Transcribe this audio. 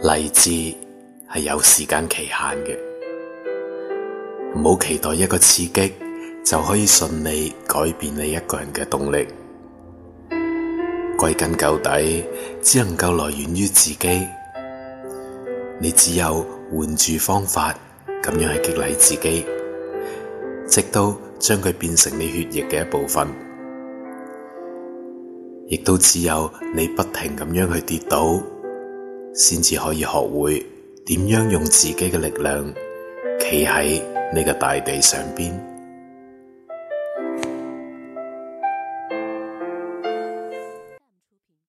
勵志係有時間期限嘅，唔好期待一個刺激就可以順利改變你一個人嘅動力。歸根究底，只能夠來源於自己。你只有換住方法，咁樣去激勵自己，直到將佢變成你血液嘅一部分，亦都只有你不停咁樣去跌倒，先至可以學會點樣用自己嘅力量，企喺呢個大地上邊。